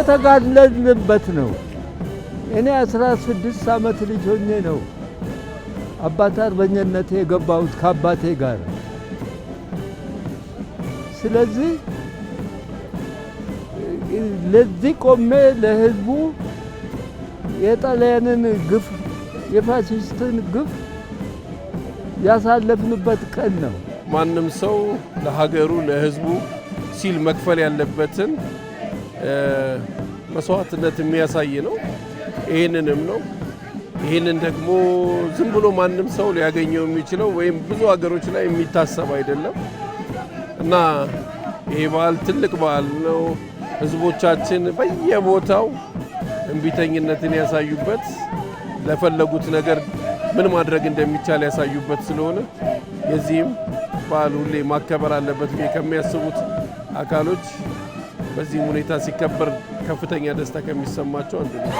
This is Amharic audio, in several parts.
የተጋለልንበት ነው። እኔ አስራ ስድስት ዓመት ልጅ ሆኜ ነው አባት አርበኝነቴ የገባሁት ከአባቴ ጋር። ስለዚህ ለዚህ ቆሜ ለህዝቡ የጣሊያንን ግፍ የፋሽስትን ግፍ ያሳለፍንበት ቀን ነው። ማንም ሰው ለሀገሩ ለህዝቡ ሲል መክፈል ያለበትን መስዋዕትነት የሚያሳይ ነው። ይህንንም ነው ይህንን ደግሞ ዝም ብሎ ማንም ሰው ሊያገኘው የሚችለው ወይም ብዙ ሀገሮች ላይ የሚታሰብ አይደለም እና ይሄ በዓል ትልቅ በዓል ነው። ህዝቦቻችን በየቦታው እንቢተኝነትን ያሳዩበት ለፈለጉት ነገር ምን ማድረግ እንደሚቻል ያሳዩበት ስለሆነ የዚህም በዓል ሁሌ ማከበር አለበት ከሚያስቡት አካሎች በዚህም ሁኔታ ሲከበር ከፍተኛ ደስታ ከሚሰማቸው አንዱ ነው።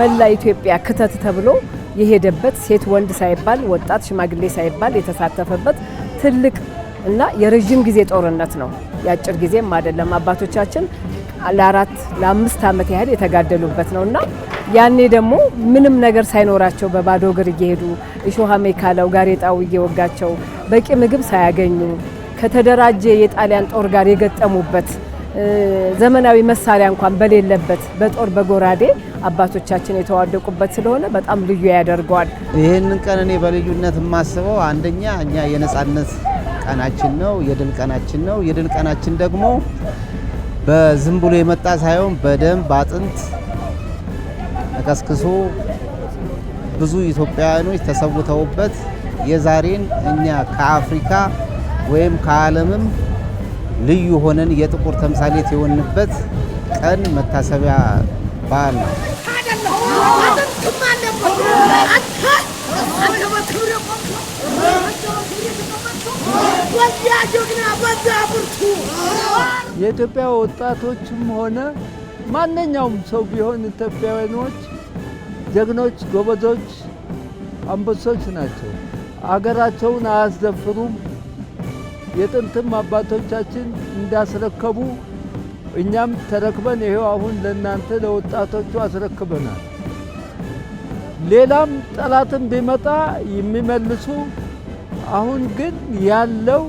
መላ ኢትዮጵያ ክተት ተብሎ የሄደበት ሴት ወንድ ሳይባል ወጣት ሽማግሌ ሳይባል የተሳተፈበት ትልቅ እና የረዥም ጊዜ ጦርነት ነው። የአጭር ጊዜም አይደለም። አባቶቻችን ለአራት ለአምስት ዓመት ያህል የተጋደሉበት ነው እና ያኔ ደግሞ ምንም ነገር ሳይኖራቸው በባዶ እግር እየሄዱ እሾሃ ሜካላው ጋሬጣው እየወጋቸው በቂ ምግብ ሳያገኙ ከተደራጀ የጣሊያን ጦር ጋር የገጠሙበት ዘመናዊ መሳሪያ እንኳን በሌለበት በጦር በጎራዴ አባቶቻችን የተዋደቁበት ስለሆነ በጣም ልዩ ያደርገዋል። ይህንን ቀን እኔ በልዩነት የማስበው አንደኛ እኛ የነጻነት ቀናችን ነው፣ የድል ቀናችን ነው። የድል ቀናችን ደግሞ በዝም ብሎ የመጣ ሳይሆን በደም በአጥንት ተቀስቅሶ ብዙ ኢትዮጵያውያኖች ተሰውተውበት የዛሬን እኛ ከአፍሪካ ወይም ከዓለምም ልዩ ሆነን የጥቁር ተምሳሌት የሆንበት ቀን መታሰቢያ በዓል ነው። የኢትዮጵያ ወጣቶችም ሆነ ማንኛውም ሰው ቢሆን ኢትዮጵያውያኖች ጀግኖች፣ ጎበዞች፣ አንበሶች ናቸው። አገራቸውን አያስደፍሩም። የጥንትም አባቶቻችን እንዳስረከቡ እኛም ተረክበን ይሄው አሁን ለእናንተ ለወጣቶቹ አስረክበናል። ሌላም ጠላትም ቢመጣ የሚመልሱ አሁን ግን ያለው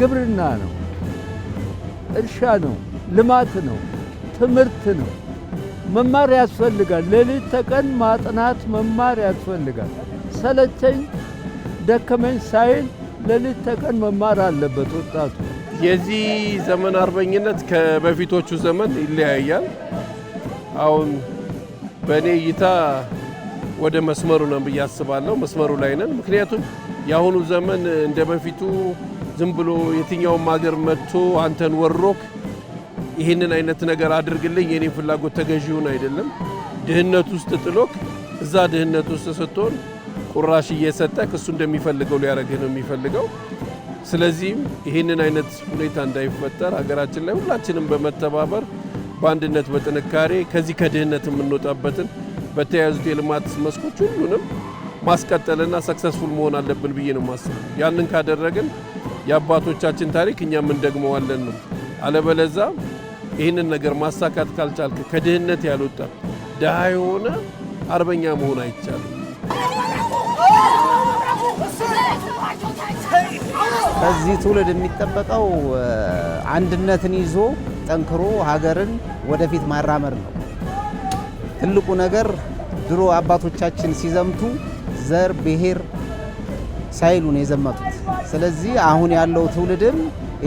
ግብርና ነው፣ እርሻ ነው፣ ልማት ነው። ትምህርት ነው። መማር ያስፈልጋል። ሌሊት ተቀን ማጥናት መማር ያስፈልጋል። ሰለቸኝ ደከመኝ ሳይል ሌሊት ተቀን መማር አለበት ወጣቱ። የዚህ ዘመን አርበኝነት ከበፊቶቹ ዘመን ይለያያል። አሁን በእኔ እይታ ወደ መስመሩ ነው ብዬ አስባለሁ። መስመሩ ላይ ነን። ምክንያቱም የአሁኑ ዘመን እንደ በፊቱ ዝም ብሎ የትኛውም ሀገር መጥቶ አንተን ወሮክ ይህንን አይነት ነገር አድርግልኝ የኔ ፍላጎት ተገዢውን አይደለም ድህነት ውስጥ ጥሎክ እዛ ድህነት ውስጥ ስትሆን ቁራሽ እየሰጠክ እሱ እንደሚፈልገው ሊያደርግህ ነው የሚፈልገው። ስለዚህም ይህንን አይነት ሁኔታ እንዳይፈጠር ሀገራችን ላይ ሁላችንም በመተባበር በአንድነት በጥንካሬ ከዚህ ከድህነት የምንወጣበትን በተያያዙት የልማት መስኮች ሁሉንም ማስቀጠልና ሰክሰስፉል መሆን አለብን ብዬ ነው ማስብ። ያንን ካደረግን የአባቶቻችን ታሪክ እኛም እንደግመዋለን ነው አለበለዛ ይህንን ነገር ማሳካት ካልቻልክ ከድህነት ያልወጣ ድሃ የሆነ አርበኛ መሆን አይቻልም። ከዚህ ትውልድ የሚጠበቀው አንድነትን ይዞ ጠንክሮ ሀገርን ወደፊት ማራመድ ነው። ትልቁ ነገር ድሮ አባቶቻችን ሲዘምቱ ዘር፣ ብሔር ሳይሉን የዘመቱት። ስለዚህ አሁን ያለው ትውልድም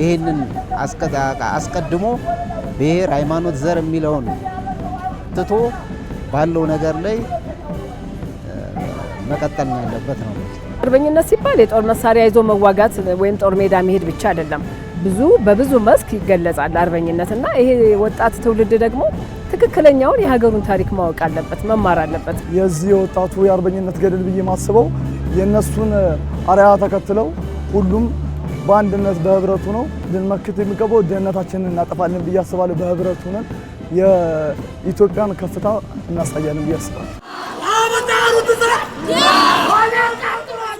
ይህንን አስቀድሞ ብሔር፣ ሃይማኖት፣ ዘር የሚለውን ትቶ ባለው ነገር ላይ መቀጠል ያለበት ነው። አርበኝነት ሲባል የጦር መሳሪያ ይዞ መዋጋት ወይም ጦር ሜዳ መሄድ ብቻ አይደለም። ብዙ በብዙ መስክ ይገለጻል አርበኝነት እና ይሄ ወጣት ትውልድ ደግሞ ትክክለኛውን የሀገሩን ታሪክ ማወቅ አለበት፣ መማር አለበት። የዚህ የወጣቱ የአርበኝነት ገድል ብዬ ማስበው የእነሱን አርአያ ተከትለው ሁሉም በአንድነት በህብረቱ ነው ልንመክት የሚገባው። ድህነታችንን እናጠፋለን ብዬ አስባለሁ። በህብረቱ ነን የኢትዮጵያን ከፍታ እናሳያለን ብዬ አስባለሁ።